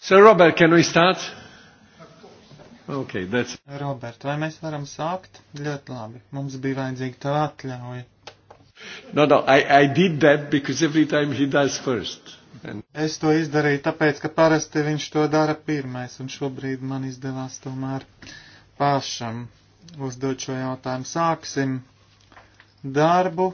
Sir Robert, can we start? Okay, that's... Robert, vai mēs varam sākt? Ļoti labi. Mums bija vajadzīga tā atļauja. No, no, I, I did that because every time he does first. And... Es to izdarīju tāpēc, ka parasti viņš to dara pirmais, un šobrīd man izdevās tomēr pašam uzdot šo jautājumu. Sāksim darbu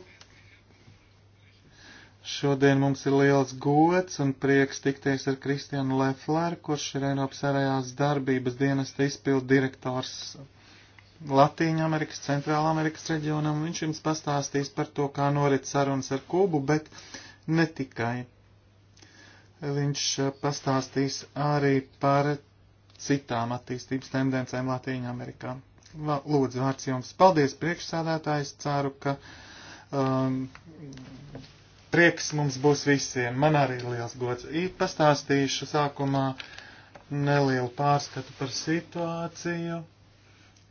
Šodien mums ir liels gods un prieks tikties ar Kristianu Lefleru, kurš ir Eiropas ārējās darbības dienesta izpildu direktors Latīņa Amerikas, Centrāla Amerikas reģionam. Viņš jums pastāstīs par to, kā norit sarunas ar Kubu, bet ne tikai. Viņš eh, pastāstīs arī par citām attīstības tendencēm Latīņa Amerikā. Lūdzu, vārds jums. Paldies, priekšsādātājs. Ceru, ka. Um, prieks mums būs visiem. Man arī ir liels gods. I pastāstīšu sākumā nelielu pārskatu par situāciju,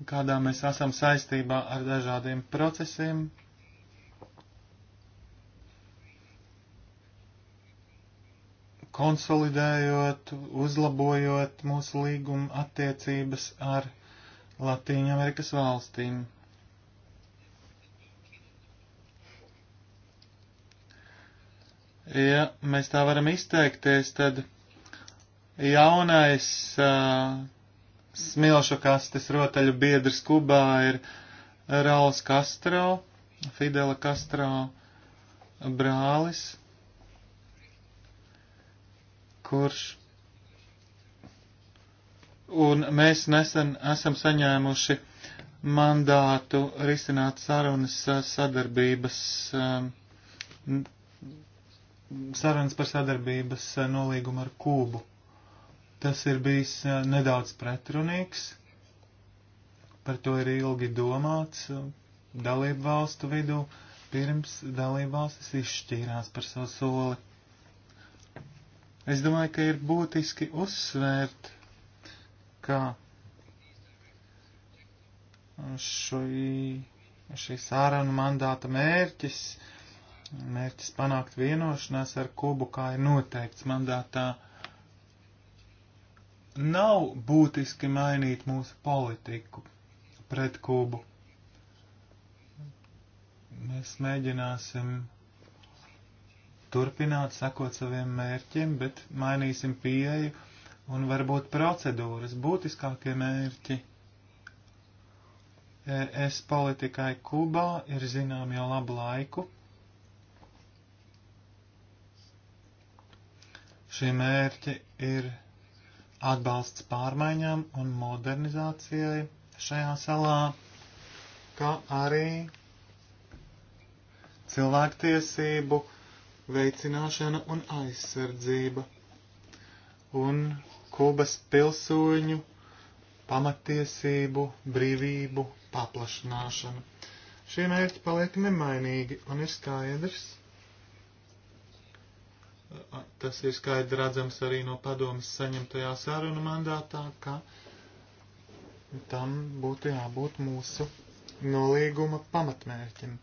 kādā mēs esam saistībā ar dažādiem procesiem. konsolidējot, uzlabojot mūsu līguma attiecības ar Latīņu Amerikas valstīm. ja mēs tā varam izteikties, tad jaunais uh, smilšu kastes rotaļu biedrs Kubā ir Rauls Castro, Fidela Castro brālis, kurš. Un mēs nesen esam saņēmuši mandātu risināt sarunas sadarbības um, sarunas par sadarbības eh, nolīgumu ar Kūbu. Tas ir bijis eh, nedaudz pretrunīgs, par to ir ilgi domāts eh, dalību valstu vidū, pirms dalību valstis izšķīrās par savu soli. Es domāju, ka ir būtiski uzsvērt, ka šī, šī sārunu mandāta mērķis ir mērķis panākt vienošanās ar Kubu, kā ir noteikts mandātā, nav būtiski mainīt mūsu politiku pret Kubu. Mēs mēģināsim turpināt sakot saviem mērķiem, bet mainīsim pieeju un varbūt procedūras būtiskākie mērķi. Es politikai Kubā ir zinām jau labu laiku Šie mērķi ir atbalsts pārmaiņām un modernizācijai šajā salā, kā arī cilvēktiesību veicināšana un aizsardzība un Kubas pilsoņu pamatiesību, brīvību paplašināšana. Šie mērķi paliek nemainīgi un ir skaidrs, tas ir skaidri redzams arī no padomas saņemtajā sarunu mandātā, ka tam būtu jābūt mūsu nolīguma pamatmērķim.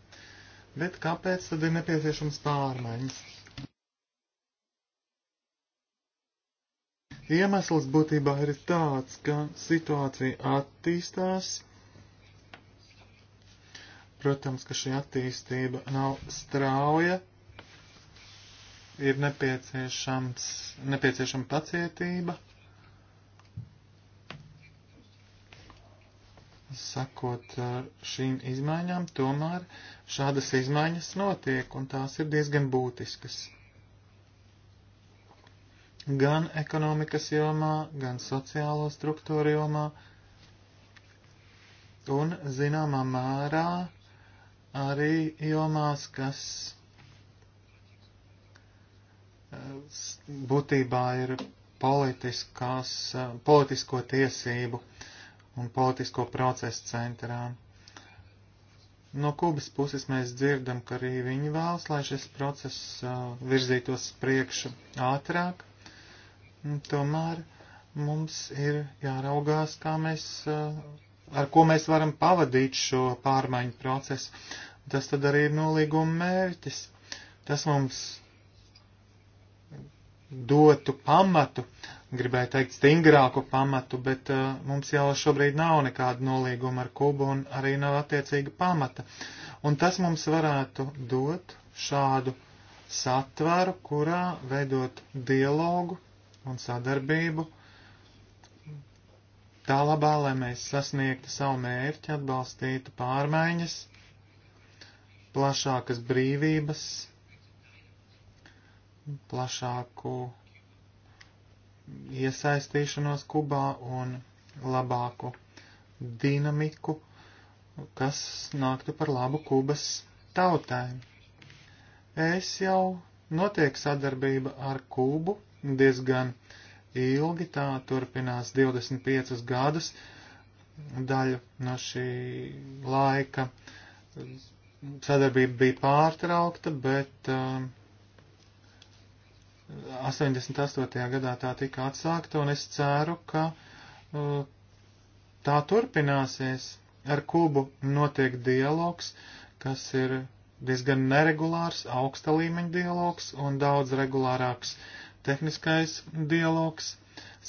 Bet kāpēc tad ir nepieciešams pārmaiņas? Iemesls būtībā ir tāds, ka situācija attīstās. Protams, ka šī attīstība nav strauja, ir nepieciešama pacietība, sakot šīm izmaiņām, tomēr šādas izmaiņas notiek, un tās ir diezgan būtiskas. Gan ekonomikas jomā, gan sociālo struktūru jomā, un zināmā mērā arī jomās, kas būtībā ir politiskās, politisko tiesību un politisko procesu centrā. No Kubas puses mēs dzirdam, ka arī viņi vēlas, lai šis process uh, virzītos priekšu ātrāk. Tomēr mums ir jāraugās, kā mēs, uh, ar ko mēs varam pavadīt šo pārmaiņu procesu. Tas tad arī ir nolīguma mērķis. Tas mums dotu pamatu, gribēju teikt stingrāku pamatu, bet uh, mums jau šobrīd nav nekāda nolīguma ar Kubu un arī nav attiecīga pamata. Un tas mums varētu dot šādu satvaru, kurā veidot dialogu un sadarbību tā labā, lai mēs sasniegtu savu mērķi, atbalstītu pārmaiņas, plašākas brīvības plašāku iesaistīšanos Kubā un labāku dinamiku, kas nāktu par labu Kubas tautai. Es jau notiek sadarbība ar Kubu diezgan ilgi, tā turpinās 25 gadus. Daļu no šī laika sadarbība bija pārtraukta, bet uh, 88. gadā tā tika atsākta, un es ceru, ka uh, tā turpināsies. Ar Kubu notiek dialogs, kas ir diezgan neregulārs, augsta līmeņa dialogs un daudz regulārāks tehniskais dialogs,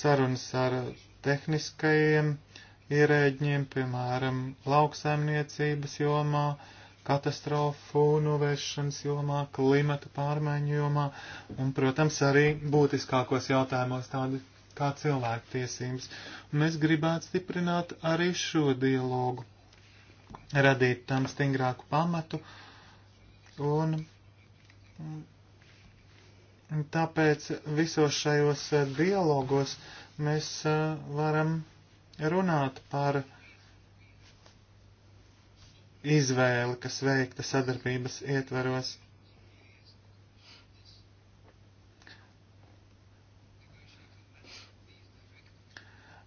sarunas ar tehniskajiem ierēģiem, piemēram, lauksaimniecības jomā, uh, katastrofu novēršanas jomā, klimata pārmaiņu jomā un, protams, arī būtiskākos jautājumos tādi kā cilvēktiesības. Un mēs gribētu stiprināt arī šo dialogu, radīt tam stingrāku pamatu un tāpēc visos šajos dialogos mēs eh, varam runāt par izvēle, kas veikta sadarbības ietvaros.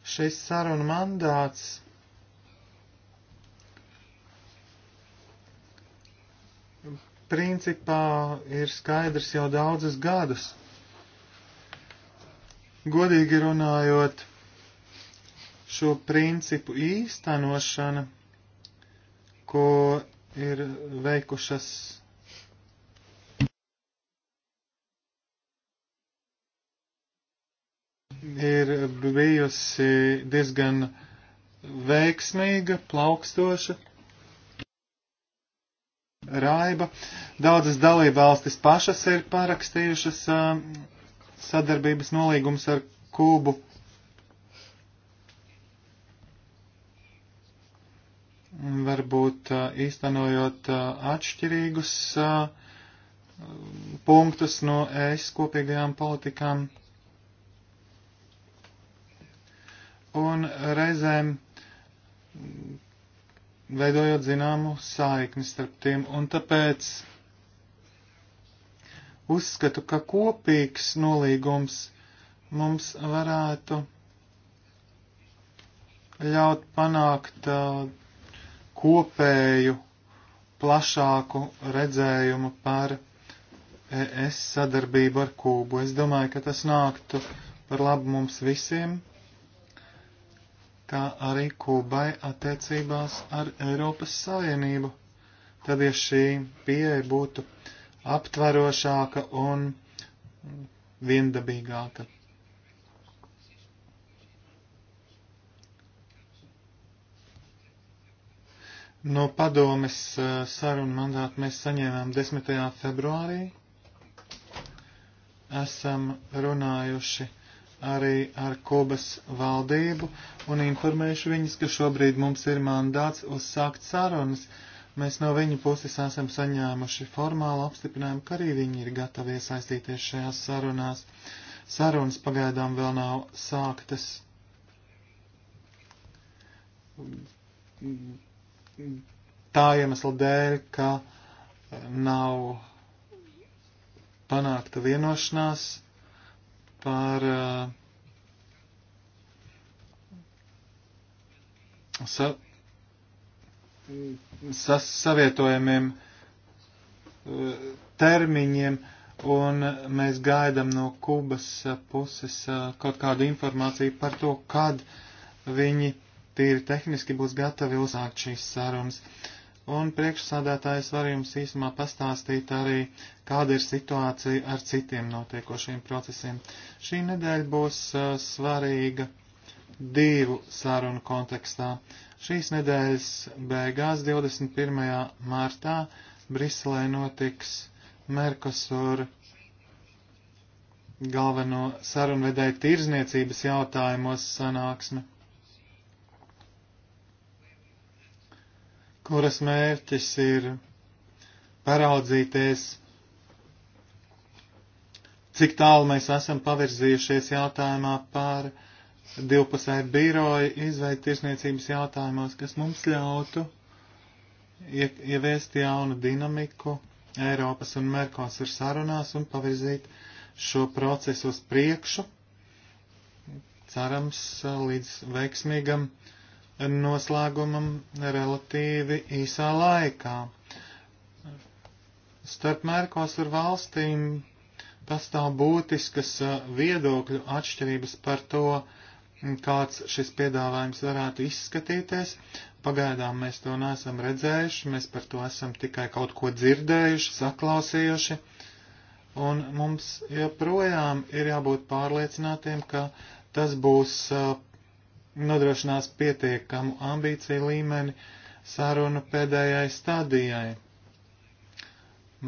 Šis saruna mandāts principā ir skaidrs jau daudzus gadus. Godīgi runājot, šo principu īstenošana ko ir veikušas. Ir bijusi diezgan veiksmīga, plaukstoša raiba. Daudzas dalībvalstis pašas ir parakstījušas sadarbības nolīgums ar Kūbu. varbūt īstenojot atšķirīgus punktus no ES kopīgajām politikām. Un reizēm veidojot zināmu saikni starp tiem. Un tāpēc uzskatu, ka kopīgs nolīgums mums varētu ļaut panākt uh, kopēju, plašāku redzējumu par ES sadarbību ar Kūbu. Es domāju, ka tas nāktu par labu mums visiem, kā arī Kūbai attiecībās ar Eiropas Savienību. Tad, ja šī pieeja būtu aptverošāka un viendabīgāka. No padomes eh, sarunu mandātu mēs saņēmām 10. februārī. Esam runājuši arī ar Kubas valdību un informējuši viņus, ka šobrīd mums ir mandāts uzsākt sarunas. Mēs no viņu puses esam saņēmuši formālu apstiprinājumu, ka arī viņi ir gatavi iesaistīties šajās sarunās. Sarunas pagaidām vēl nav sāktas tā iemesla dēļ, ka eh, nav panākta vienošanās par eh, sa, sa, savietojamiem eh, termiņiem, un mēs gaidam no Kubas puses kaut kādu informāciju par to, kad viņi tīri tehniski būs gatavi uzsākt šīs sarunas. Un priekšsādātājs var jums īsumā pastāstīt arī, kāda ir situācija ar citiem notiekošiem procesiem. Šī nedēļa būs uh, svarīga divu sarunu kontekstā. Šīs nedēļas beigās 21. martā Briselē notiks Merkosur galveno sarunvedēju tirzniecības jautājumos sanāksme. kuras mērķis ir paraudzīties, cik tālu mēs esam pavirzījušies jautājumā par divpusēju biroju izveidu tirsniecības jautājumos, kas mums ļautu ieviest jaunu dinamiku Eiropas un Merkosur sarunās un pavirzīt šo procesu uz priekšu, cerams, līdz veiksmīgam uh, noslēgumam relatīvi īsā laikā. Starp Mērkosur valstīm pastāv būtiskas viedokļu atšķirības par to, kāds šis piedāvājums varētu izskatīties. Pagaidām mēs to neesam redzējuši, mēs par to esam tikai kaut ko dzirdējuši, saklausījuši, un mums joprojām ir jābūt pārliecinātiem, ka tas būs nodrošinās pietiekamu ambīciju līmeni sarunu pēdējai stadijai.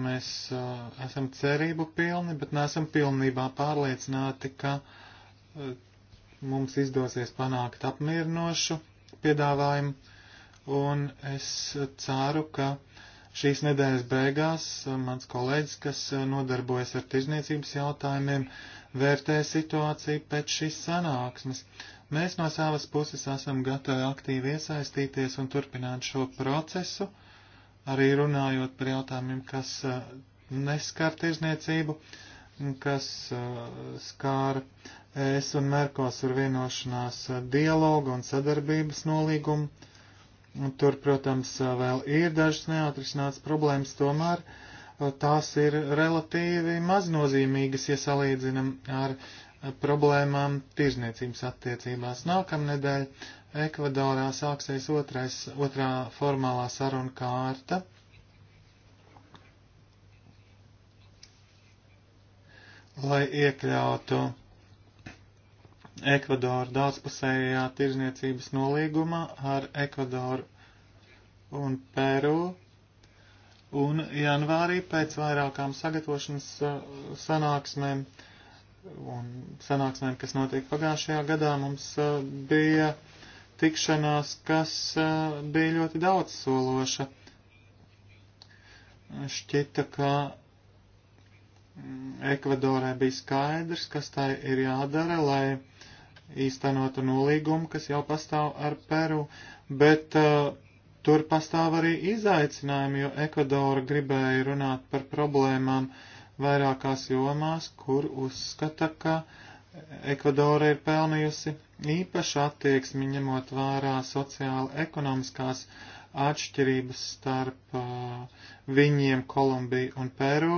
Mēs uh, esam cerību pilni, bet nesam pilnībā pārliecināti, ka uh, mums izdosies panākt apmierinošu piedāvājumu, un es ceru, ka šīs nedēļas beigās uh, mans kolēģis, kas uh, nodarbojas ar tirzniecības jautājumiem, vērtē situāciju pēc šīs sanāksmes. Uh, Mēs no savas puses esam gatavi aktīvi iesaistīties un turpināt šo procesu, arī runājot par jautājumiem, kas eh, neskar tirzniecību, kas eh, skāra es un Merkosur vienošanās eh, dialogu un sadarbības nolīgumu. Tur, protams, vēl ir dažas neatrisinātas problēmas, tomēr tās ir relatīvi maznozīmīgas, ja salīdzinam ar problēmām tirzniecības attiecībās. Nākamnedēļ Ekvadorā sāksies otrais, otrā formālā saruna kārta. Lai iekļautu Ekvadoru daudzpusējā tirzniecības nolīgumā ar Ekvadoru un Peru. Un janvārī pēc vairākām sagatavošanas uh, sanāksmēm uh, un sanāksmēm, kas notiek pagājušajā gadā, mums bija tikšanās, kas bija ļoti daudz sološa. Šķita, ka mm, Ekvadorai bija skaidrs, kas tai ir jādara, lai īstenotu nolīgumu, kas jau pastāv ar Peru, bet uh, tur pastāv arī izaicinājumi, jo Ekvadora gribēja runāt par problēmām, uh, vairākās jomās, kur uzskata, ka Ekvadora ir pelnījusi īpašu attieksmi ņemot vērā sociāli ekonomiskās atšķirības starp uh, viņiem Kolumbiju un Peru.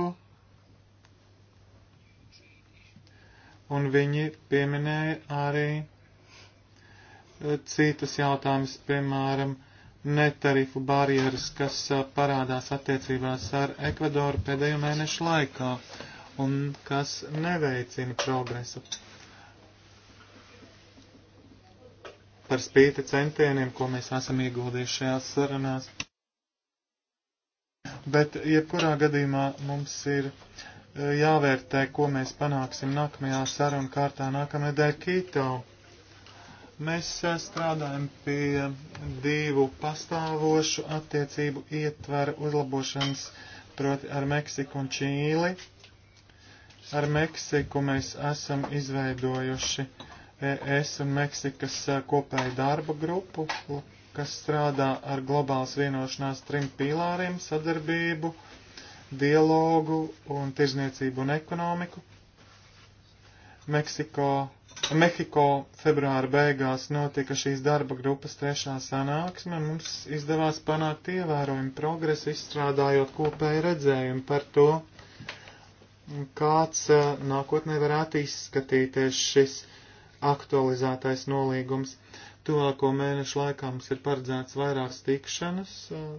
Un viņi pieminēja arī uh, citus jautājumus, piemēram, uh, netarifu barjeras, kas parādās attiecībās ar Ekvadoru pēdējo mēnešu laikā un kas neveicina progresu. Par spīti centieniem, ko mēs esam ieguldījuši šajās sarunās. Bet, jebkurā gadījumā, mums ir jāvērtē, ko mēs panāksim nākamajā sarunu kārtā nākamnedēļ Kītau Mēs strādājam pie divu pastāvošu attiecību ietveru uzlabošanas, proti ar Meksiku un Čīli. Ar Meksiku mēs esam izveidojuši ES un Meksikas kopēju darba grupu, kas strādā ar globālas vienošanās trim pīlāriem - sadarbību, dialogu un tirzniecību un ekonomiku. Meksiko Mehiko februāra beigās notika šīs darba grupas trešā sanāksme, mums izdevās panākt ievērojumu progresu, izstrādājot kopēju redzējumu par to, kāds eh, nākotnē varētu izskatīties šis aktualizētais nolīgums. Tuvāko mēnešu laikā mums ir paredzēts vairākas tikšanas, eh,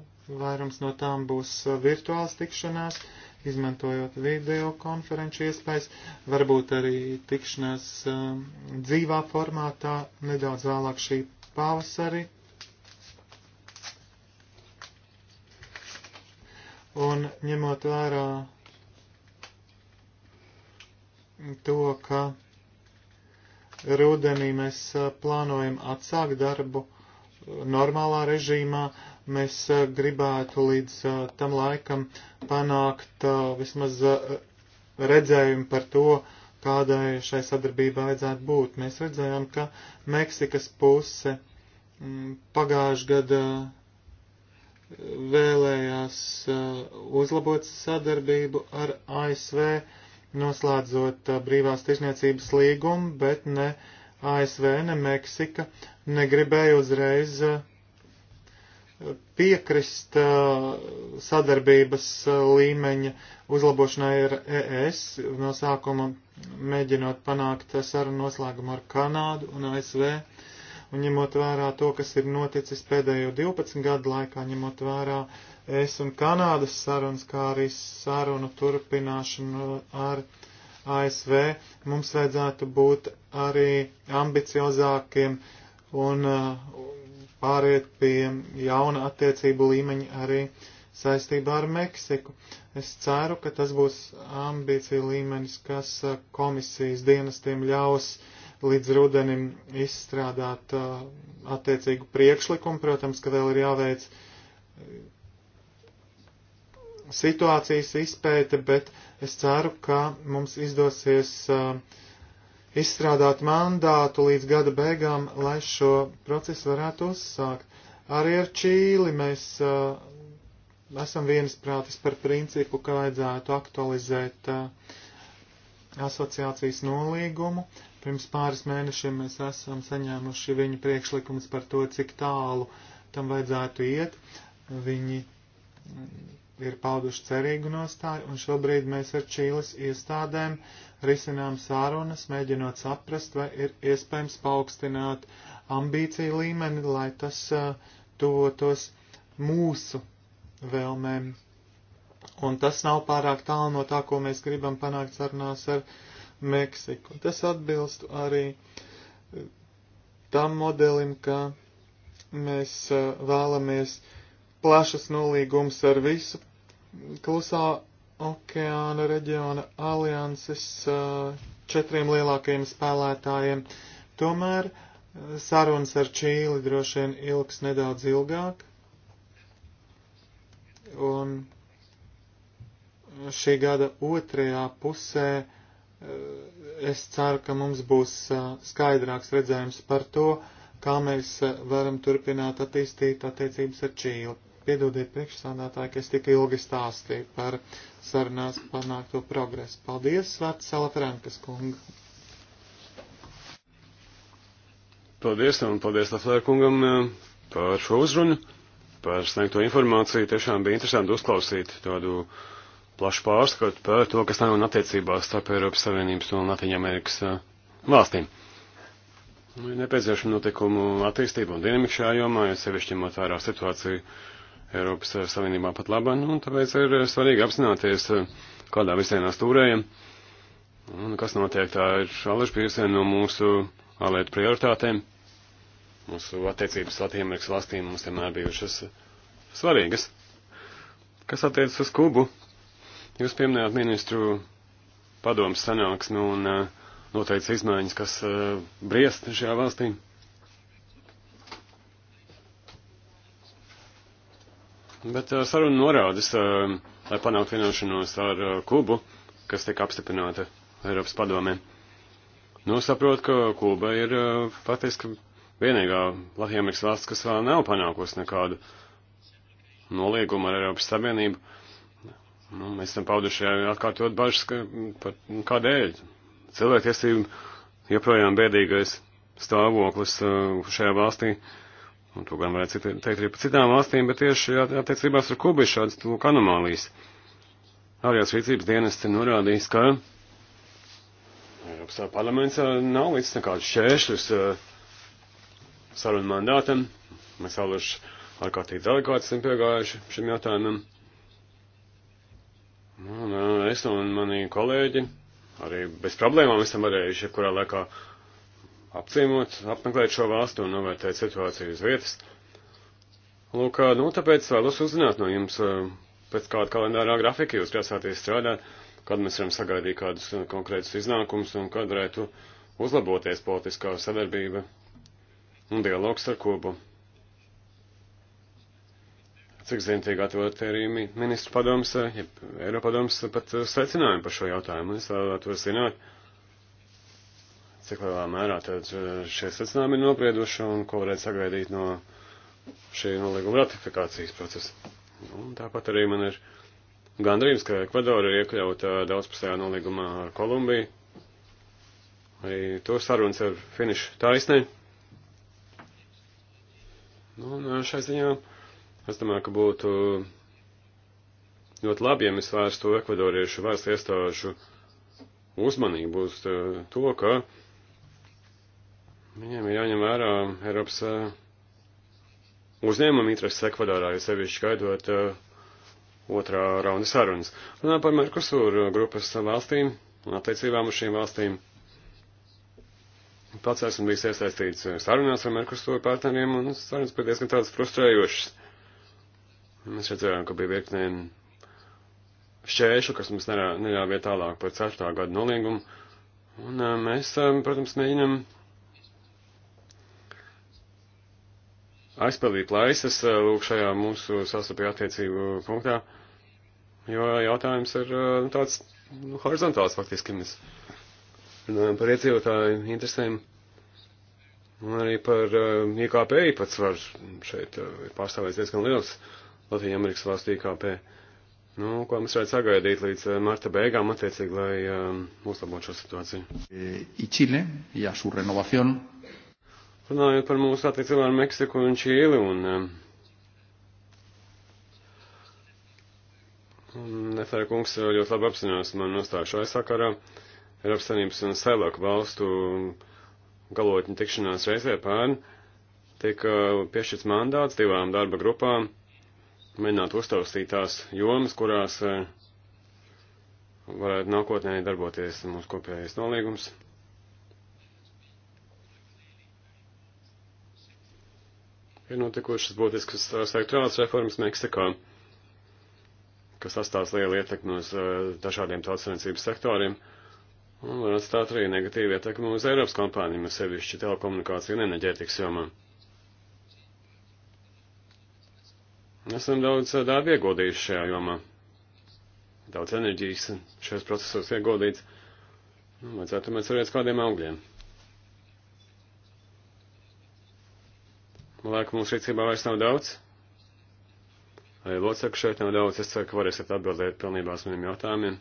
vairums no tām būs eh, virtuāls tikšanās, izmantojot video konferenču iespējas, varbūt arī tikšanās um, dzīvā formātā nedaudz vēlāk šī pavasarī. Un ņemot vērā to, ka rudenī mēs uh, plānojam atsākt darbu uh, normālā režīmā, uh, Mēs eh, gribētu līdz eh, tam laikam panākt eh, vismaz redzējumu par to, kādai šai sadarbībai vajadzētu būt. Mēs redzējām, ka Meksikas puse mm, pagājušajā gadā vēlējās uzlabot sadarbību ar ASV, noslēdzot brīvās tirzniecības līgumu, bet ne ASV, ne Meksika negribēja uzreiz piekrist uh, sadarbības uh, līmeņa uzlabošanai ar ES, no sākuma mēģinot panākt sarunu noslēgumu ar Kanādu un ASV, un ņemot vērā to, kas ir noticis pēdējo 12 gadu laikā, ņemot vērā ES un Kanādas sarunas, kā arī sarunu turpināšanu ar ASV, mums vajadzētu būt arī ambiciozākiem un uh, pāriet pie jauna attiecību līmeņa arī saistībā ar Meksiku. Es ceru, ka tas būs ambīcija līmenis, kas uh, komisijas dienestiem ļaus līdz rudenim izstrādāt uh, attiecīgu priekšlikumu. Protams, ka vēl ir jāveic uh, situācijas izpēte, bet es ceru, ka mums izdosies uh, izstrādāt mandātu līdz gada beigām, lai šo procesu varētu uzsākt. Arī ar Čīli mēs uh, esam viensprātis par principu, ka vajadzētu aktualizēt uh, asociācijas nolīgumu. Pirms pāris mēnešiem mēs esam saņēmuši viņu priekšlikumus par to, cik tālu tam vajadzētu iet. Viņi mm, ir pauduši cerīgu nostāju, un šobrīd mēs ar Čīles iestādēm uh, risinām sārunas, mēģinot saprast, vai ir iespējams paaugstināt ambīciju līmeni, lai tas uh, tuvotos mūsu vēlmēm. Un tas nav pārāk tālu no tā, ko mēs gribam panākt sarunās ar Meksiku. Tas atbilst arī uh, tam modelim, ka mēs uh, vēlamies plašas nolīgums ar visu klusā Okeāna reģiona alianses četriem lielākajiem spēlētājiem. Tomēr sarunas ar Čīli droši vien ilgs nedaudz ilgāk. Un šī gada otrajā pusē es ceru, ka mums būs skaidrāks redzējums par to, kā mēs varam turpināt attīstīt attiecības ar Čīlu. Piedodiet priekšsādātāji, ka es tik ilgi stāstīju par sarunās panākto progresu. Paldies, Vārts Salafrankas kunga. Paldies, un paldies Laflēr kungam eh, par šo uzrunu, par sniegto informāciju. Tiešām bija interesanti uzklausīt tādu plašu pārskatu par to, kas nav un attiecībās starp Eiropas Savienības un Latvijas-Amerikas eh, valstīm. Nu, nepieciešama notikumu attīstība un dinamika šajā jomā, jo sevišķi ņemot vērā situāciju Eiropas eh, Savienībā pat labā, un tāpēc ir eh, svarīgi apzināties, eh, kādā virzienā stūrējam, un kas notiek tā ir alaži piesien no mūsu ārlietu prioritātēm. Mūsu attiecības Latvijas valstīm mums vienmēr bijušas svarīgas. Kas attiecas uz Kubu? Jūs pieminējāt ministru padomu sanāksmi un uh, noteicis izmaiņas, kas uh, briest šajā valstī. Bet uh, saruna norādes, uh, lai panāktu vienošanos ar uh, Kubu, kas tika apstiprināta Eiropas padomē. Nu, saprotu, ka Kuba ir uh, patiesībā vienīgā Latvijas valsts, kas vēl nav panākusi nekādu noliegumu ar Eiropas Savienību. Nu, mēs esam pauduši atkārtot bažas, ka, par nu, kādēļ. Cilvēktiesību joprojām bēdīgais stāvoklis uh, šajā valstī. Uh, Un to gan varētu teikt arī par citām valstīm, bet tieši attiecībās ar Kubu ir šādas lūk anomālijas. Ārējās rīcības dienas ir norādījis, ka Eiropas parlaments nav līdz nekādus šķēršļus sarunu mandātam. Mēs vēlaši ārkārtīgi delikāti esam piegājuši šim jautājumam. Un es un mani kolēģi arī bez problēmām esam varējuši jebkurā laikā apciemot, apmeklēt šo valstu un novērtēt situāciju uz vietas. Lūk, nu, tāpēc vēlos uzzināt no jums, pēc kāda kalendārā grafika jūs grasāties strādāt, kad mēs varam sagaidīt kādus konkrētus iznākumus un kad varētu uzlaboties politiskā sadarbība un dialogs ar Kubu. Cik zinu, tiek atvērta arī ministru padoms, ja Eiropadoms pat secinājumu par šo jautājumu. Es vēlētos zināt, cik lielā mērā tad eh, šie secinājumi ir noprieduši un ko varētu sagaidīt no šī nolīguma ratifikācijas procesa. Nu, un tāpat arī man ir gandrīz, ka Ekvadora ir iekļauta daudzpusējā nolīgumā ar Kolumbiju. Arī to sarunas ar finišu taisnē. Nu, un eh, šai ziņā es domāju, ka būtu ļoti labi, ja mēs vērstu ekvadoriešu vairs iestāžu uzmanību uz eh, to, ka Viņiem ir jāņem vērā Eiropas eh, uzņēmuma intereses Ekvadorā, jo sevišķi gaidot eh, otrā raunda sarunas. Runājot par Merkusūru grupas valstīm un attiecībām uz šīm valstīm. Pats esmu bijis iesaistīts sarunās ar Merkusūru partneriem un sarunas bija diezgan tādas frustrējošas. Mēs redzējām, ka bija virknē šķēršu, kas mums neļāva iet tālāk par ceturtā gada nolīgumu. Un eh, mēs, protams, mēģinam aizpildīt laisas, eh, lūk, šajā mūsu sastapja attiecību punktā, jo jautājums ir eh, nu, tāds nu, horizontāls faktiski. Mēs runājam par iedzīvotāju interesēm un arī par uh, eh, IKP īpatsvaru. Šeit uh, ir pārstāvēts diezgan liels Latvijas Amerikas valstu IKP. Nu, ko mums vajadzētu sagaidīt līdz marta beigām, attiecīgi, lai um, uzlabotu šo situāciju? E, y Chile, y a su renovación, Runājot par mūsu attiecībām ar Meksiku un Čīli un, eh, un Nefēra kungs ļoti labi apzinās man nostāju šai sakarā. Eiropas Savienības un Sēlāku valstu galotņu tikšanās reizē pērn tika piešķirts mandāts divām darba grupām mēģināt uztaustīt tās jomas, kurās eh, varētu nākotnē darboties mūsu kopējais nolīgums. ir notikušas būtiskas uh, sektorālas reformas Meksikā, kas atstās lielu ietekmi uz uh, dažādiem tautsvencības sektoriem un var atstāt arī negatīvu ietekmi uz Eiropas kompānijām, sevišķi telekomunikāciju un enerģētikas jomā. Esam daudz uh, darba ieguldījuši šajā jomā. Daudz enerģijas šajos procesos ieguldīts. Nu, vajadzētu mēs redzēt kādiem augļiem. Laika mums rīcībā vairs nav daudz. Arī locekļu šeit nav daudz. Es ceru, ka varēsiet atbildēt pilnībā uz maniem jautājumiem.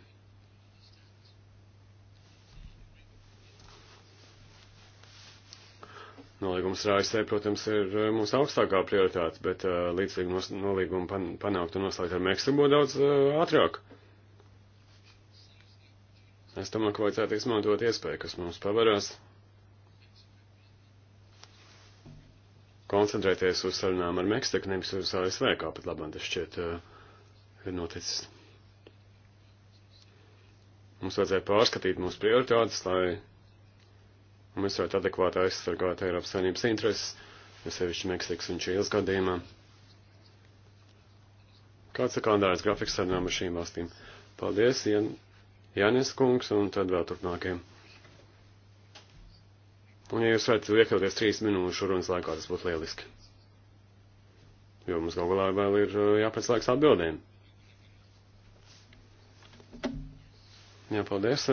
Nolīgums ar ASV, e, protams, ir eh, mūsu augstākā prioritāte, bet uh, līdzīgi nos, nolīgumu pan, panākt un noslēgt ar Meksiku būtu daudz uh, ātrāk. Es domāju, ka vajadzētu izmantot iespēju, kas mums pavarās. koncentrēties uz sarunām ar Meksiku, nevis uz ASV, kā pat labāk tas šķiet eh, ir noticis. Mums vajadzēja pārskatīt mūsu prioritātes, lai mēs varētu adekvāti aizsargāt Eiropas Savienības intereses, jo sevišķi Meksikas un Čīles gadījumā. Kāds ir kalendārs grafiks sarunām ar šīm valstīm? Paldies, Jan, Janis Kungs, un tad vēl turpmākajiem. Un, ja jūs varat iekļauties trīs minūšu runas laikā, tas būtu lieliski. Jo mums galu galā vēl ir eh, jāpēc laiks atbildēm. Jā, paldies.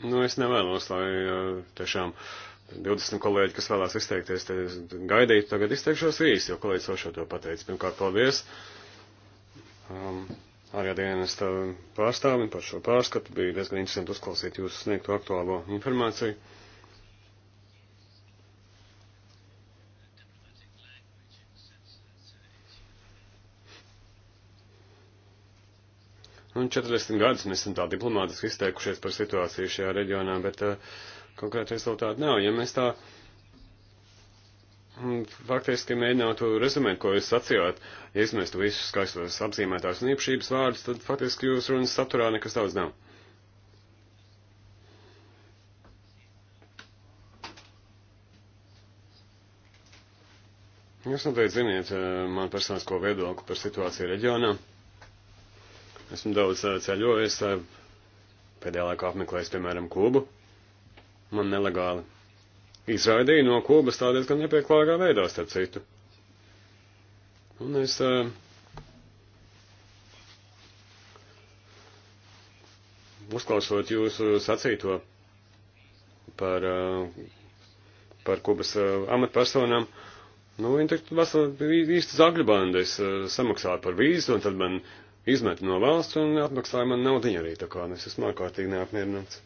Nu, es nevēlos, lai eh, tiešām 20 kolēģi, kas vēlās izteikties, te gaidītu, tagad izteikšos īsi, jo kolēģis jau šo to pateica. Pirmkārt, paldies. Um, ārējā dienesta pārstāvim par šo pārskatu. Bija diezgan interesanti uzklausīt jūsu sniegto aktuālo informāciju. Un 40 gadus mēs esam tā diplomātiski izteikušies par situāciju šajā reģionā, bet uh, konkrēti rezultāti nav. Ja mēs tā uh, faktiski mēģinātu rezumēt, ko jūs sacījāt. Ja izmestu visus skaistos apzīmētās un īpašības vārdus, tad faktiski jūs runas saturā nekas daudz nav. Jūs noteikti ziniet eh, man personisko viedokli par situāciju reģionā. Esmu daudz eh, ceļojis, eh, pēdējā laikā apmeklējis, piemēram, Kubu. Man nelegāli izraidīja no Kubas tādēļ, ka nepieklājīgā veidā, starp citu. Un es. Eh, uzklausot jūsu sacīto par, eh, par Kubas eh, amatpersonām, nu, viņi teikt, vasarā īsti zagļu banda, es samaksāju par vīzu, un tad man izmet no valsts un atmaksāja man naudiņu arī, tā kā nu, es esmu ārkārtīgi neapmierināts.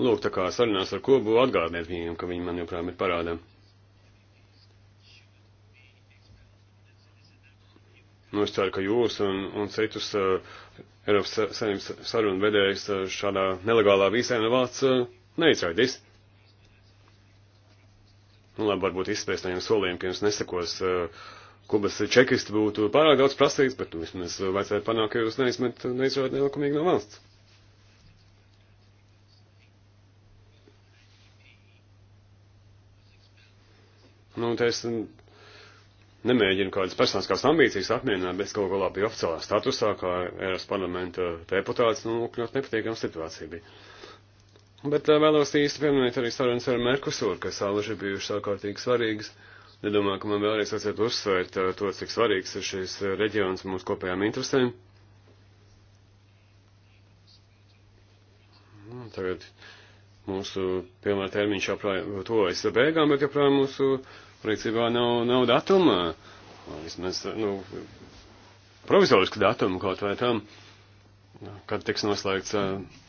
Lūk, tā kā sarunās ar Kubu atgādniet viņiem, ka viņi man joprojām ir parādā. Nu, es ceru, ka jūs un, un citus uh, Eiropas saimnības sarunu vedējus uh, šādā nelegālā vīsēna valsts uh, neizraidīs. Nu, labi, varbūt izspēstajiem solījumiem, ka jums nesekos uh, Kubas čekisti būtu pārāk daudz prasīts, bet nu, vismaz vajadzētu panākt, ka jūs neizmet, neizraidīt nelikumīgi no valsts. Nu, te es nemēģinu kādas personiskās ambīcijas apmierināt, bet kaut galā bija oficiālā statusā, kā Eiropas parlamenta deputāts, nu, ļoti nepatīkama situācija bija. Bet eh, vēlos īsti pieminēt arī sarunas ar Merkusuru, kas salaži bijušas ārkārtīgi svarīgas. Nedomāju, ka man vēlreiz vajadzētu uzsvērt eh, to, cik svarīgs ir šis eh, reģions mūsu kopējām interesēm. Nu, tagad mūsu pilnā termiņš jau tuvojas beigām, bet joprojām mūsu uh, rīcībā nav, nav datuma, vismaz, nu, provizoriska datuma kaut vai tam, kad tiks noslēgts uh,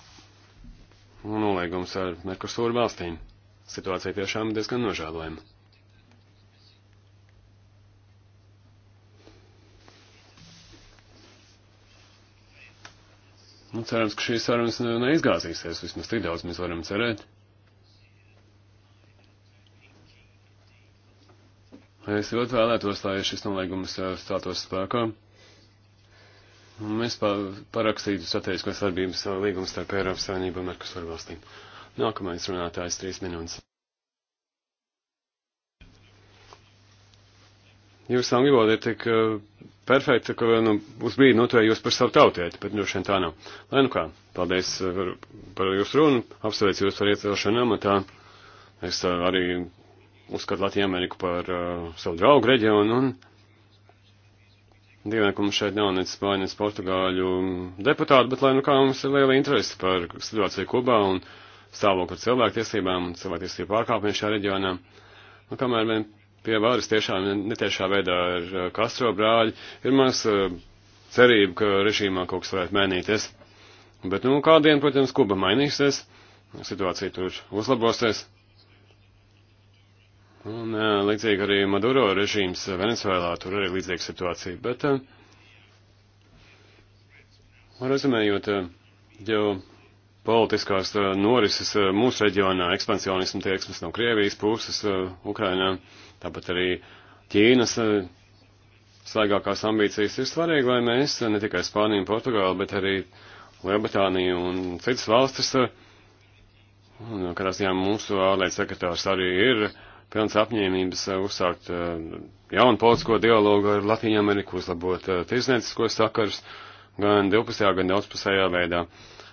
nolīgums ar Merkursūru valstīm. Situācija tiešām diezgan nožēlojama. Nu, cerams, ka šīs sarunas neizgāzīsies, vismaz tik daudz mēs varam cerēt. Es ļoti vēlētos, lai šis nolīgums eh, stātos spēkā. Mēs parakstītu strateģisko sadarbības eh, līgumu starp Eiropas Savienību un Merkusvaru valstīm. Nākamais runātājs trīs minūtes. Jūsu angļu valoda ir tik eh, perfekta, ka nu, uz brīdi noturēju jūs par savu tautieti, bet droši vien tā nav. Lai nu kā, paldies par, par jūsu runu, apsveicu jūs par iecelšanu amatā. Es arī uzskata Latviju Ameriku par uh, savu draugu reģionu, un divi, ka mums šeit nav nec spāņu, nec portugāļu deputāti, bet lai nu kā mums ir liela interese par situāciju Kubā un stāvokli ar cilvēktiesībām un cilvēktiesību pārkāpumiem šajā reģionā. Un nu, kamēr vien pie varas tiešām netiešā veidā ir Kastro uh, brāļi, ir maz uh, cerība, ka režīmā kaut kas varētu mainīties. Bet, nu, kādien, protams, Kuba mainīsies, situācija tur uzlabosies. Un eh, līdzīgi arī Maduro režīms Venezuelā, tur arī līdzīga situācija. Bet, eh, rezumējot, eh, jau politiskās norises mūsu reģionā, ekspansionismu tieksmes no Krievijas puses, Ukrainā, tāpat arī Ķīnas svaigākās ambīcijas ir svarīgi, lai mēs, ne tikai Spānija un Portugāla, bet arī Lielbritānija un citas valstis, un, kādās jā, mūsu ārlietu sekretārs arī ir, uh, pilns apņēmības eh, uzsākt eh, jaunu politisko dialogu ar Latviju Ameriku, uzlabot eh, tirsniecisko sakars gan divpusējā, gan daudzpusējā veidā.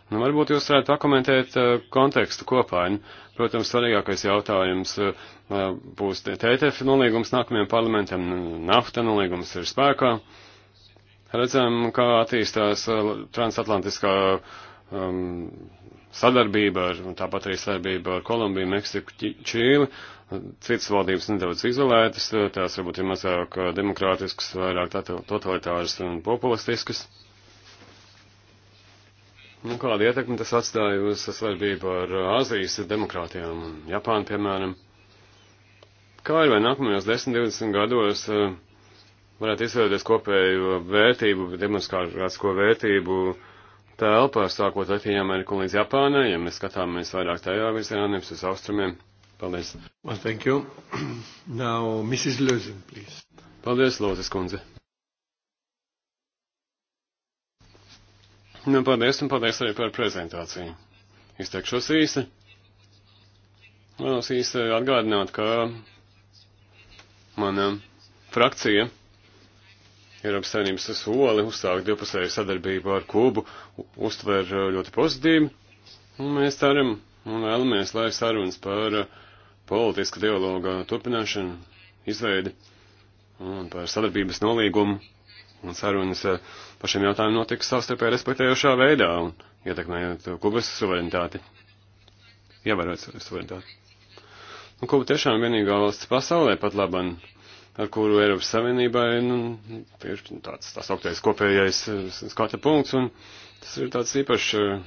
Nu, varbūt jūs varētu pakomentēt kontekstu kopā. Nu, protams, svarīgākais jautājums būs TTF nolīgums nākamajam parlamentam, nu, nafta nolīgums ir spēkā. Redzam, kā attīstās transatlantiskā um, sadarbība, ar, tāpat arī sadarbība ar Kolumbiju, Meksiku, Čīli. Citas valdības nedaudz izolētas, tās varbūt ir mazāk demokrātiskas, vairāk totalitāras un populistiskas. Nu, kāda ietekme tas atstāja uz sadarbību ar Āzijas demokrātijām un Japānu, piemēram? Kā ir vai nākamajos 10-20 gados eh, varētu izveidoties kopēju vērtību, demokrātisko vērtību? telpā, sākot Latviju Ameriku un līdz Japānai, ja mēs skatāmies vairāk tajā virzienā, nevis uz austrumiem. Paldies. Well, thank you. Now, Mrs. Lūzin, please. Paldies, Lūzes kundze. Nu, paldies un paldies arī par prezentāciju. Izteikšos īsi. Vēlos īsi atgādināt, ka mana frakcija Eiropas Savienības soli uzsākt divpusēju sadarbību ar Kubu uztver uh, ļoti pozitīvi. Un mēs ceram un vēlamies, lai sarunas par uh, politiska dialoga turpināšanu, izveidi un par sadarbības nolīgumu un sarunas uh, par šiem jautājumiem notiks savstarpēji respektējošā veidā un ietekmējot Kubas suverenitāti. Ievērot suverenitāti. Un nu, Kuba tiešām vienīgā valsts pasaulē pat laban ar kuru Eiropas Savienībā ir nu, tieši tāds tās augtais kopējais eh, skata punkts, un tas ir tāds īpašs, eh,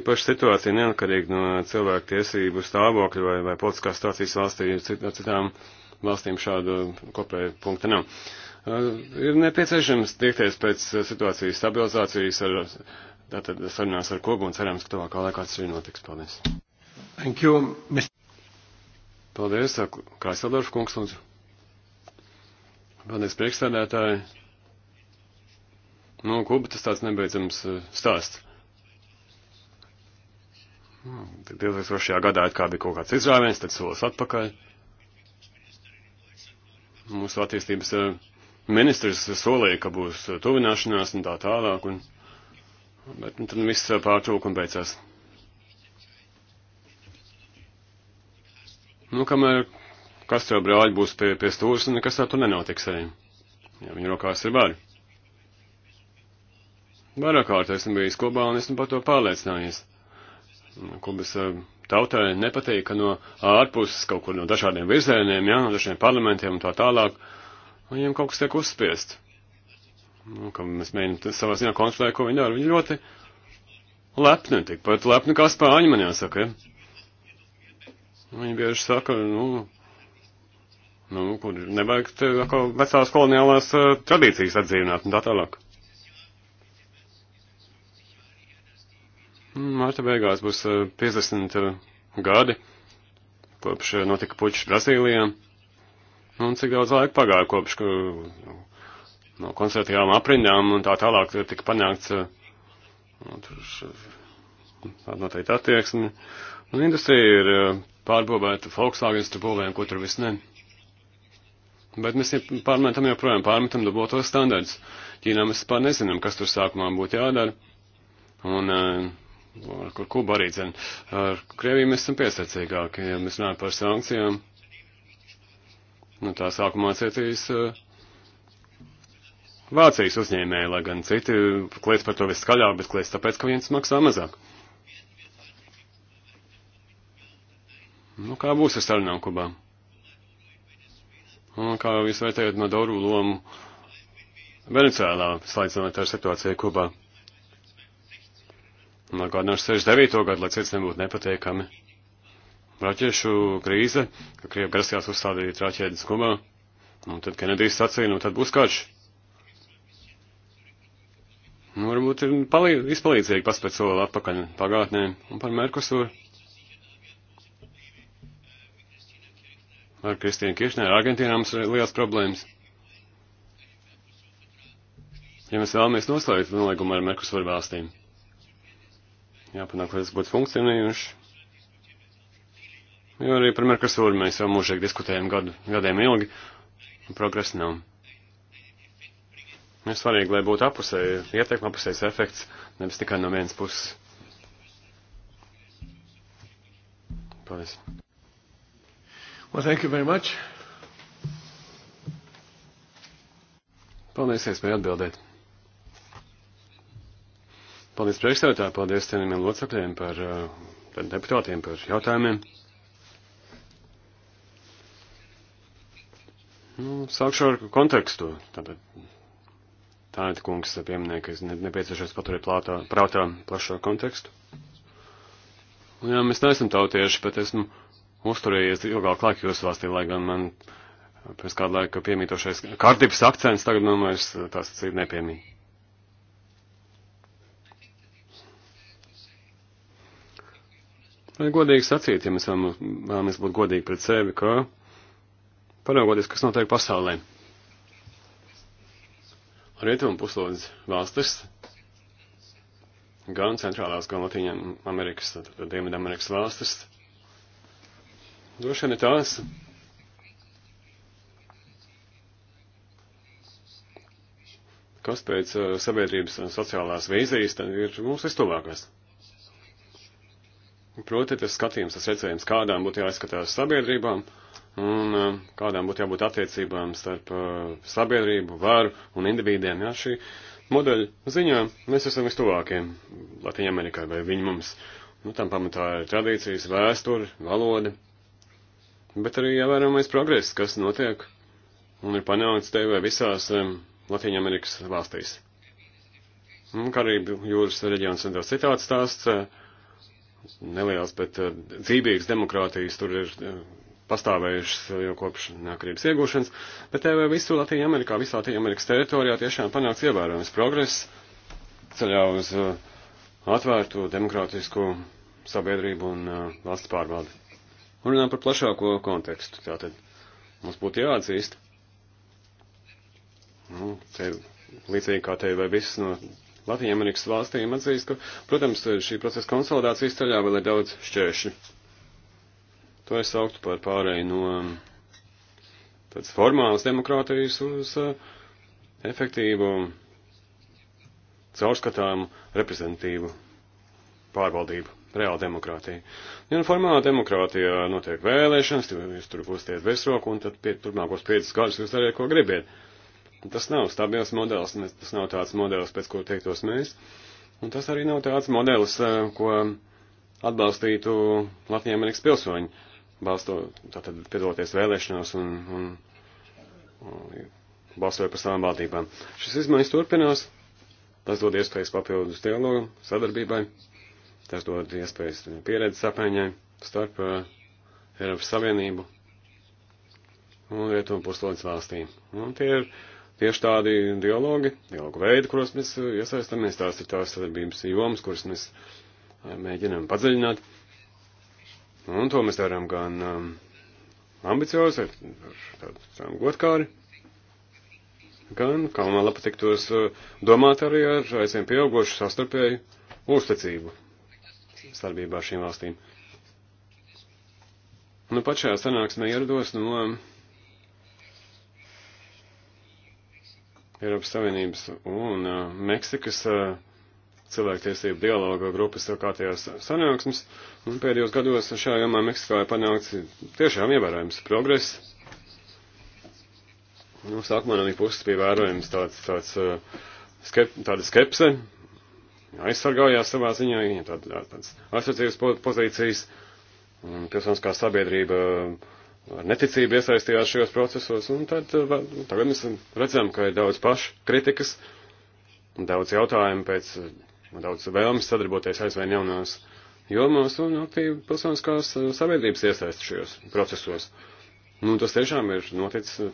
īpašs situācija, neatkarīgi no cilvēku tiesību stāvokļa vai, vai politiskās stācijas valstī, cit, citām valstīm šādu kopēju punktu nav. Eh, ir nepieciešams tiekties pēc situācijas stabilizācijas ar, tātad sarunās ar kogu un cerams, ka tuvākā laikā tas arī notiks. Paldies. Thank you, Mr. Paldies, Kaisadorf kungs, lūdzu. Paldies, priekšstādētāji. Nu, Kuba tas tāds nebeidzams eh, stāsts. 2000. Nu, gadā it kā bija kaut kāds izrāviens, tad solis atpakaļ. Mūsu attīstības eh, ministrs solīja, ka būs tuvināšanās un tā tālāk, un, bet nu, tad viss eh, pārtrūkums beidzās. Nu, kamēr Kastro brāļi būs pie, pie stūras, nekas tā tur nenotiks arī. Ja viņa rokās ir bari. Vairāk kārt esmu bijis Kubā un esmu par to pārliecinājies. Nu, Kubas eh, tautai nepatīk, ka no ārpuses kaut kur no dažādiem virzieniem, jā, ja, no dažiem parlamentiem un tā tālāk, viņiem kaut kas tiek uzspiest. Nu, ka mēs mēģinām savā ziņā konstatēt, ko viņi dara. Viņi ļoti lepni, tikpat lepni kā spāņi man jāsaka. Ja? Viņi bieži saka, nu, nu kur nevajag te atkal vecās koloniālās uh, tradīcijas atdzīvināt un tā tālāk. Nu, Mārta beigās būs uh, 50 uh, gadi, kopš eh, notika puķis Brazīlijā. Nu, un cik daudz laika pagāja kopš, ka nu, no koncertajām aprindām un tā tālāk tika panākts uh, tur, tāda noteikti attieksme. Un industrija ir eh, pārbūvēta Volkswagen stupulēm, ko tur viss ne. Bet mēs pārmetam joprojām, pārmetam dubultos standarts. Ķīnā mēs vispār nezinām, kas tur sākumā būtu jādara. Un eh, ar kur Kuba arī dzen. Ar Krieviju mēs esam piesacīgāki, ja mēs runājam par sankcijām. Nu, tā sākumā cietīs uh, Vācijas uzņēmēji, lai gan citi kliedz par to viss skaļāk, bet kliedz tāpēc, ka viens maksā mazāk. Uh, Nu, kā būs ar sarunām Kubā? Un kā jūs vērtējat Madoru lomu Venecijālā, salīdzinot ar situāciju Kubā? Nākotnēs 69. gadu, lai cits nebūtu nepateikami. Raķešu krīze, ka Krievi grasījās uzstādīt raķēdes Kubā, un tad Kenedijs sacīja, nu tad būs karš. Nu, varbūt ir palīd, izpalīdzīgi paspēt soli atpakaļ pagātnē un par Merkusūru. ar Kristīnu Kiršneru. Argentīnā mums ir liels problēmas. Ja mēs vēlamies noslēgt nolīgumu ar Merkusvaru valstīm, jāpanāk, lai tas būtu funkcionējuši. Jo arī par Merkusvaru mēs jau mūžīgi diskutējam gadu, gadiem ilgi, un progresa nav. Ir svarīgi, lai būtu apusēji, ieteikuma apusējs efekts, nevis tikai no vienas puses. Paldies. Well, thank you very much. Paldies, iespēju atbildēt. Paldies priekšstādātāji, paldies cienījumiem locekļiem par par eh, deputātiem, par jautājumiem. Nu, sākšu ar kontekstu. Tātad Tānita kungs pieminēja, ka ne, nepieciešams paturēt plātā, prātā plašo kontekstu. Un, nu, jā, mēs neesam tautieši, bet esmu nu, uzturējies ilgāk laika jūsu valstī, lai gan man pēc kāda laika piemītošais kārtības akcents tagad man vairs eh, tās cīd nepiemīt. Vai godīgi sacīt, ja mēs vēlamies būt godīgi pret sevi, ka paraugoties, kas notiek pasaulē. Rietumu puslodes valstis, gan centrālās, gan Latīņa Amerikas, tad Dienvidamerikas valstis, Droši vien ir tās, kas pēc eh, sabiedrības sociālās vīzijas ir mums vistuvākās. Proti, tas skatījums, tas redzējums, kādām būtu jāizskatās sabiedrībām un eh, kādām būtu jābūt attiecībām starp eh, sabiedrību, varu un individiem. Jā, šī modeļa ziņā mēs esam vistuvākie Latvijai Amerikai vai viņi mums. Nu, tam pamatā ir tradīcijas, vēsture, valoda, bet arī ievērojamais progress, kas notiek un ir panākts te vai visās um, Latvijas Amerikas valstīs. Un Karību jūras reģions ir daudz citāds stāsts, uh, neliels, bet uh, dzīvīgs demokrātijas tur ir uh, pastāvējušas jau kopš neatkarības iegūšanas, bet te vai visu Latviju Amerikā, visā Latviju Amerikas teritorijā tiešām panāks ievērojams progress ceļā uz atvērtu demokrātisku sabiedrību un valsts pārvaldi. Un runājam par plašāko kontekstu. Tātad mums būtu jāatzīst, nu, te, līdzīgi kā te vai visas no Latvijas Amerikas valstīm atzīst, ka, protams, šī procesa konsolidācijas ceļā vēl ir daudz šķēršļu. To es sauktu par pārēju no um, tāds formāls demokrātijas uz uh, efektīvu, caurskatāmu, reprezentīvu pārvaldību reāla demokrātija. Ja nu formālā demokrātijā notiek vēlēšanas, jūs tur būsiet virsroku un tad pie, turpmākos piecus gadus jūs dariet, ko gribiet. Tas nav stabils modelis, tas nav tāds modelis, pēc ko teiktos mēs. Un tas arī nav tāds modelis, eh, ko atbalstītu Latvijas Amerikas pilsoņi, balstot, tātad piedaloties vēlēšanās un, un, un balsojot par savām valdībām. Šis izmaiņas turpinās, tas dod iespējas papildus dialogu, sadarbībai. Tas dod iespējas pieredzes apmaiņai starp uh, Eiropas Savienību un Rietumu puslodes valstīm. Un tie ir tieši tādi dialogi, dialogu veidi, kuros mēs eh, iesaistamies. Tās ir tās sadarbības jomas, kuras mēs uh, mēģinām padziļināt. Un to mēs darām gan um, ambiciozi, ar, ar tādām godkāri, gan, kā man labi patiktos, domāt arī ar aizvien pieaugošu sastarpēju uzticību starpībā ar šīm valstīm. Nu, pat šajā sanāksmē ierados no nu, Eiropas Savienības un uh, Meksikas uh, cilvēktiesību dialoga grupas kārtējās sanāksmes, un pēdējos gados šajā jomā Meksikā ir panākts tiešām ievērojams progress. Nu, sākumā no viņa puses bija vērojams tāds, tāds, skep, tāda skepse, aizsargājās savā ziņā, viņiem tād, tādas asociētas pozīcijas, un pilsoniskā sabiedrība ar neticību iesaistījās šajos procesos, un tad eh, tagad mēs redzam, ka ir daudz pašu kritikas, daudz jautājumu pēc, eh, daudz vēlmes sadarboties aizvien jaunās jomās, un aktīvi pilsoniskās eh, sabiedrības iesaist šajos procesos. Nu, tas tiešām ir noticis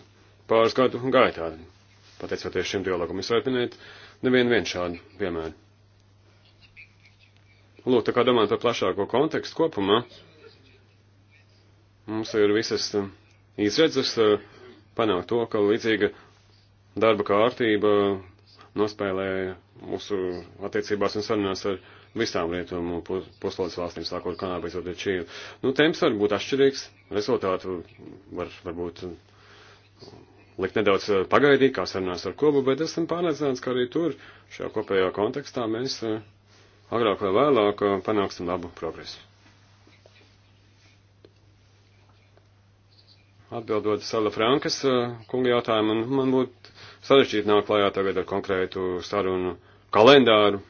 pāris gadu gaitā, pateicoties šim dialogam. Es varu pinēt nevienu vienu šādu piemēru. Lūk, tā kā domājot par plašāko kontekstu kopumā, mums ir visas eh, izredzes eh, panākt to, ka līdzīga darba kārtība nospēlēja mūsu attiecībās un sarunās ar visām rietumu puslodes valstīm, sākot Kanādu, beidzot ar Čīlu. Nu, temps var būt atšķirīgs, rezultātu var, varbūt likt nedaudz eh, pagaidīt, kā sarunās ar Kobu, bet esam pārliecināts, ka arī tur, šajā kopējā kontekstā, mēs uh, agrāk vai vēlāk uh, panāksim labu progresu. Atbildot Sala Frankas uh, kunga jautājumu, man, man būtu sarežģīti nāk klājā tagad ar konkrētu sarunu kalendāru,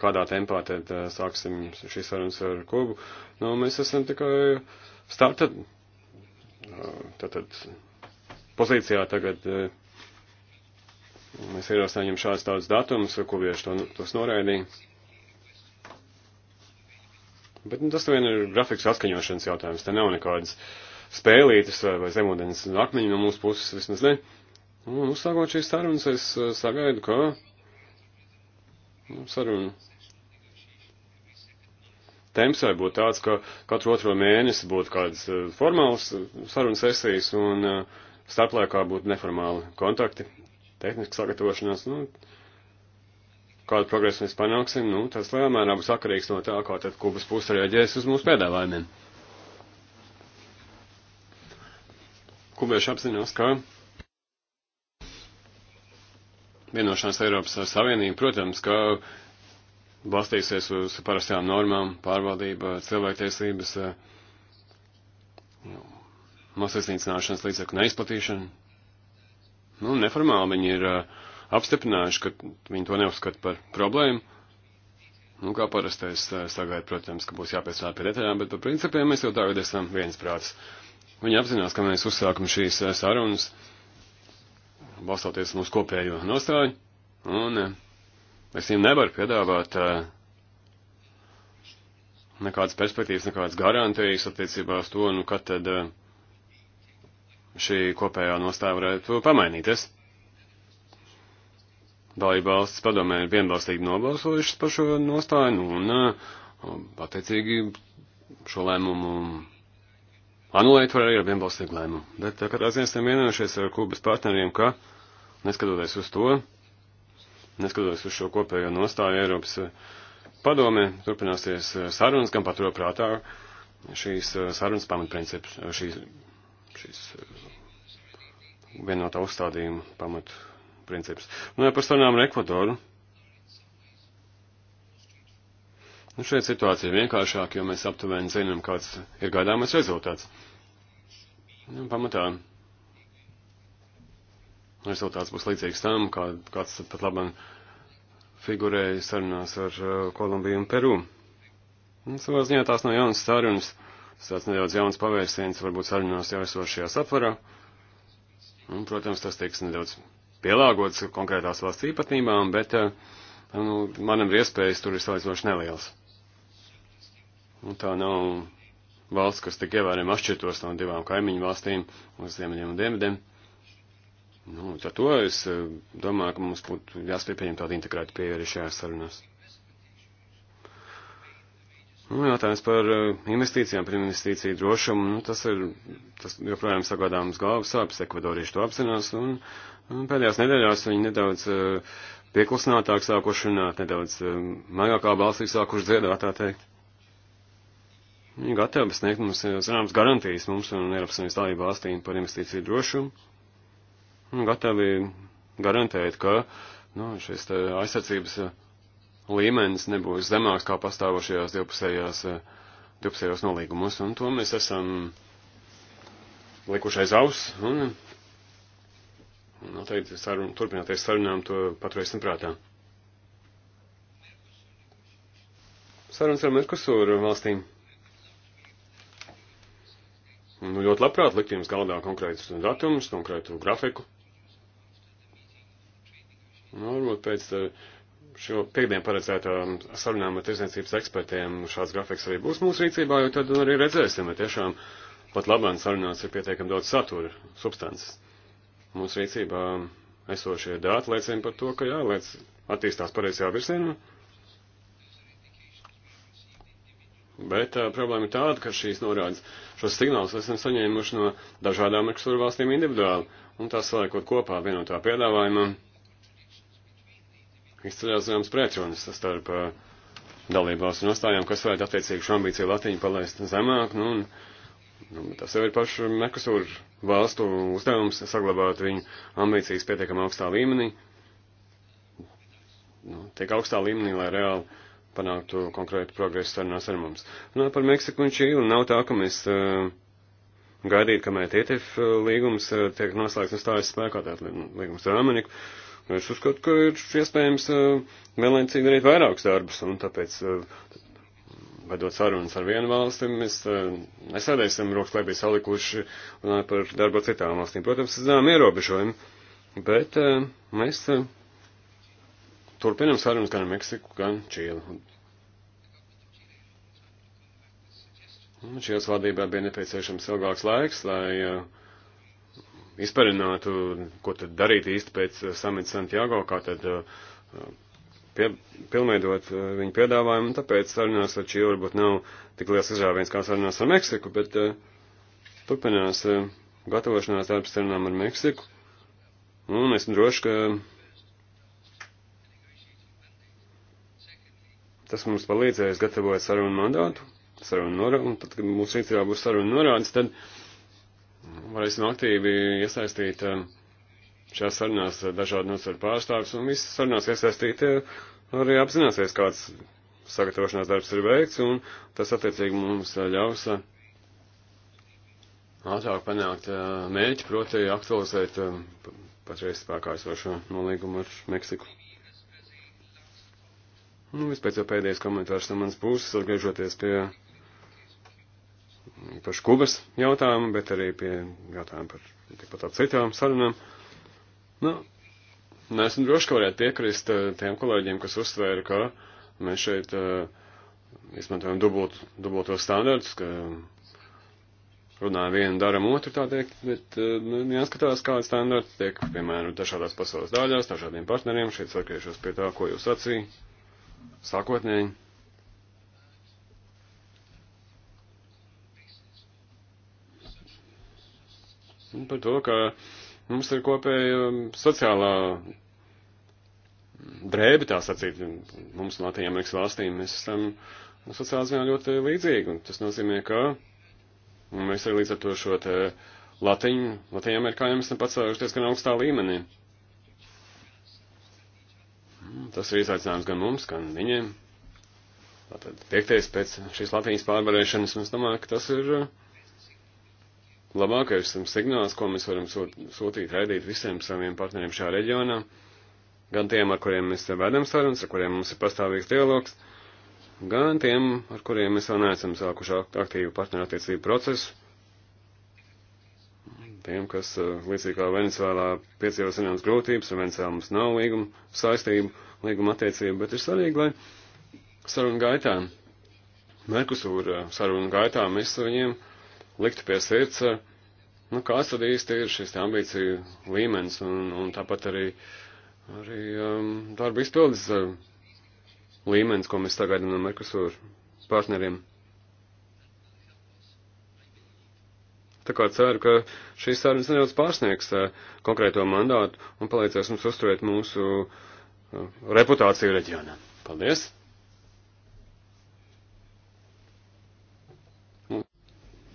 kādā tempā tad uh, sāksim šīs sarunas ar Kubu. Nu, mēs esam tikai starta, tātad pozīcijā tagad Mēs ierosinājām šādus tādus datumus, ko vieši to, nu, tos noraidīja. Bet nu, tas vien ir grafikas atskaņošanas jautājums. Te nav nekādas spēlītas vai, vai zemūdens akmeņi no mūsu puses vismaz ne. Un uzsākot šīs sarunas, es eh, sagaidu, ka nu, saruna temps vai būtu tāds, ka katru otro mēnesi būtu kādas eh, formālas eh, sarunas sesijas un starplaikā būtu neformāli kontakti tehniska sagatavošanās, nu, kādu progresu mēs panāksim, nu, tas lielā mērā būs atkarīgs no tā, kā tad Kubas puse reaģēs uz mūsu piedāvājumiem. Kubieši apzinās, ka vienošanās Eiropas Savienība, protams, ka balstīsies uz parastajām normām, pārvaldība, cilvēktiesības, nu, eh, masas iznīcināšanas līdzekļu neizplatīšana. Nu, neformāli viņi ir uh, apstiprinājuši, ka viņi to neuzskata par problēmu. Nu, kā parasti es uh, sagaidu, protams, ka būs jāpiestrādā pie detaļām, bet par principiem mēs jau tagad esam viensprāts. Viņi apzinās, ka mēs uzsākam šīs uh, sarunas, balstoties mūsu kopējo nostāju, un uh, es viņiem nevaru piedāvāt uh, nekādas perspektīvas, nekādas garantijas attiecībā uz to, nu, kad tad. Uh, šī kopējā nostāja varētu pamainīties. Dalība valsts padomē ir vienbalstīgi nobalsojušas par šo nostāju, nu, un, attiecīgi, šo lēmumu anulēt var arī ar vienbalstīgu lēmumu. Bet tā katrā ziņā esam vienojušies ar Kubas partneriem, ka, neskatoties uz to, neskatoties uz šo kopējo nostāju Eiropas padomē, turpināsies sarunas, gan paturot prātā šīs sarunas pamatprincips, šīs šīs eh, vienotā uzstādījuma pamatu princips. Nu, ja par sarunām ar Ekvadoru. Nu, šeit situācija ir vienkāršāka, jo mēs aptuveni zinām, kāds ir gaidāmais rezultāts. Nu, pamatā rezultāts būs līdzīgs tam, kā, kāds pat labam figurēja sarunās ar uh, Kolumbiju un Peru. Un, nu, savā ziņā tās nav jaunas sarunas. No tāds nedaudz jauns pavērsiens, varbūt saļinās jau esošajā satvarā. Un, protams, tas tiks nedaudz pielāgots konkrētās valsts īpatnībām, bet eh, nu, manam iespējas tur ir salīdzinoši nelielas. Un tā nav valsts, kas tik ievērēm atšķirtos no divām kaimiņu valstīm uz ziemeļiem un dienvidiem. Nu, ar to es eh, domāju, ka mums būtu jāspēj pieņemt tādu integrētu pieeju arī šajās sarunās. Nu, jautājums par eh, investīcijām, par investīciju drošumu, nu, tas ir, tas joprojām sagādāms galvas sāpes, ekvadorieši to apzinās, un, un pēdējās nedēļās viņi nedaudz uh, pieklusinātāk sākuši runāt, nedaudz uh, eh, maigākā balsī sākuši dziedāt, tā teikt. Viņi gatavi sniegt mums, zināms, garantijas mums un Eiropas Savienības dalību valstīm par investīciju drošumu, un gatavi garantēt, ka, nu, šis aizsardzības. Uh, līmenis nebūs zemāks kā pastāvošajās divpusējās, eh, divpusējos nolīgumos, un to mēs esam likušais aus, un, un noteikti sarun, turpināties sarunām to paturēsim prātā. Sarunas ar Merkusūru valstīm. Nu, ļoti labprāt likt jums galdā konkrētus datumus, konkrētu grafiku. Nu, varbūt pēc uh, šo piekdienu paredzēto sarunām ar tirsniecības ekspertiem šāds grafiks arī būs mūsu rīcībā, jo tad arī redzēsim, vai tiešām pat labāk sarunās ir pietiekami daudz satura, substances. Mūsu rīcībā esošie dati liecina par to, ka jā, liec attīstās pareizajā virsienā. Bet tā, problēma ir tāda, ka šīs norādes, šos signālus esam saņēmuši no dažādām Merkusur valstīm individuāli, un tās saliekot kopā vienotā piedāvājumā. No izceļās zināms pretrunas starp uh, dalībās nostājām, kas varētu attiecīgi šo ambīciju Latīņu palaist zemāk, nu, un nu, tas jau ir pašu Merkusūru valstu uzdevums saglabāt viņu ambīcijas pietiekam augstā līmenī, nu, tiek augstā līmenī, lai reāli panāktu konkrētu progresu sarunās ar mums. Runā nu, par Meksiku un Čīlu, nav tā, ka mēs uh, gaidītu, kamēr TTIP uh, līgums uh, tiek noslēgts un stājas spēkā, tātad nu, līgums ar Ameriku. Uh, Nu, es uzskatu, ka ir iespējams eh, vienlaicīgi darīt vairākus darbus, un tāpēc, eh, vedot sarunas ar vienu valsti, mēs eh, nesēdēsim rokas klēpī salikuši runāt par darbu ar citām valstīm. Protams, zinām ierobežojumi, bet mēs turpinam sarunas gan ar Meksiku, gan Čīlu. Šajās nu, vadībā bija nepieciešams ilgāks laiks, lai uh, izparinātu, ko tad darīt īsti pēc eh, samita Santiago, kā tad eh, pie, pilnveidot eh, viņu piedāvājumu, tāpēc sarunās ar Čīlu varbūt nav tik liels izrāviens kā sarunās ar Meksiku, bet turpinās gatavošanās darbs sarunām ar Meksiku. Un esmu droši, ka tas mums palīdzēs gatavot sarunu mandātu, sarunu norādu, un tad, kad mūsu rīcībā būs sarunu norādes, tad. Uh, varēsim aktīvi iesaistīt eh, šajās sarunās eh, dažādu nozaru pārstāvis, un visi sarunās iesaistītie eh, arī apzināsies, kāds sagatavošanās darbs ir veikts, un tas attiecīgi mums ļaus ātrāk panākt mērķi, proti aktualizēt patreiz spēkā esošo nolīgumu ar Meksiku. Nu, vispēc jau pēdējais komentārs no manas puses, atgriežoties pie par Kubas jautājumu, bet arī pie jautājumu par tikpat citām sarunām. Nu, Nesmu droši, ka varētu piekrist eh, tiem kolēģiem, kas uztvēra, ka mēs šeit eh, izmantojam dubult, dubulto standartus, ka runājam vienu, daram otru, tā teikt, bet jāskatās, eh, nu, kāda standarta tiek, piemēram, dažādās pasaules daļās, dažādiem partneriem. Šeit sakriežos pie tā, ko jūs sacīja sākotnēji. par to, ka mums ir kopēja sociālā drēbe, tā sacīt, mums no Latvijas Amerikas valstīm, mēs esam sociāli ziņā ļoti līdzīgi, un tas nozīmē, ka mēs arī līdz ar to šo te Latviju, Latviju Amerikāņiem esam pacēlušies gan augstā līmenī. Tas ir izaicinājums gan mums, gan viņiem. Tātad piektais pēc šīs Latvijas pārvarēšanas, un es domāju, ka tas ir uh, labākais signāls, ko mēs varam sūtīt, raidīt visiem saviem partneriem šajā reģionā, gan tiem, ar kuriem mēs vedam sarunas, ar kuriem mums ir pastāvīgs dialogs, gan tiem, ar kuriem mēs vēl neesam sākuši aktīvu partnerattiecību procesu, tiem, kas eh, līdzīgi kā Venecijā piedzīvo zināmas grūtības, un Venecijā mums nav līguma saistību, līguma attiecību, bet ir svarīgi, lai sarunu gaitā, Merkusūra eh, sarunu gaitā mēs viņiem. Ar liktu pie sirds, eh, nu, kāds tad īsti ir šis ambīciju līmenis un, un tāpat arī, arī um, darba izpildes uh, līmenis, ko mēs sagaidām no Merkusūra partneriem. Tā kā ceru, ka šīs sarunas nedaudz pārsniegs uh, konkrēto mandātu un palīdzēs mums uzturēt mūsu uh, reputāciju reģionā. Paldies!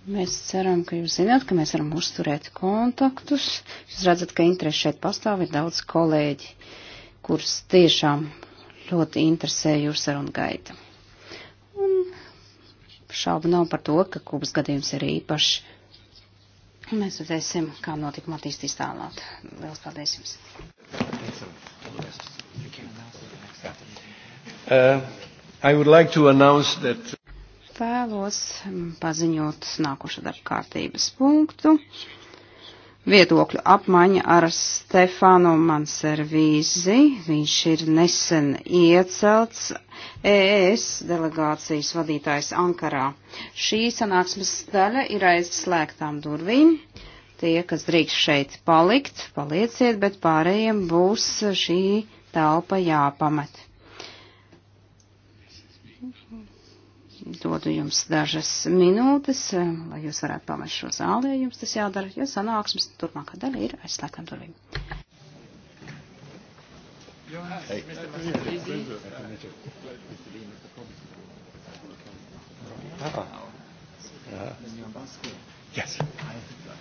Mēs ceram, ka jūs zināt, ka mēs varam uzturēt kontaktus. Jūs redzat, ka interesi šeit pastāv, ir daudz kolēģi, kurus tiešām ļoti interesē jūsu sarunu gaita. Un šaubu nav par to, ka kubas gadījums ir īpašs. Mēs redzēsim, kā notikuma attīstīs tālāk. Lielas paldies jums! Uh, I would like to announce that vēlos paziņot nākošo darba kārtības punktu. Viedokļu apmaiņa ar Stefanu Manservīzi. Viņš ir nesen iecelts ES delegācijas vadītājs Ankarā. Šī sanāksmes daļa ir aizslēgtām durvīm. Tie, kas drīkst šeit palikt, palieciet, bet pārējiem būs šī telpa jāpamet. dodu jums dažas minūtes, eh, lai jūs varētu pamest šo zāli, ja jums tas jādara, jo sanāksmes turpmākā daļa ir aizslēgtām durvīm. Hey. Ah. Uh, yes.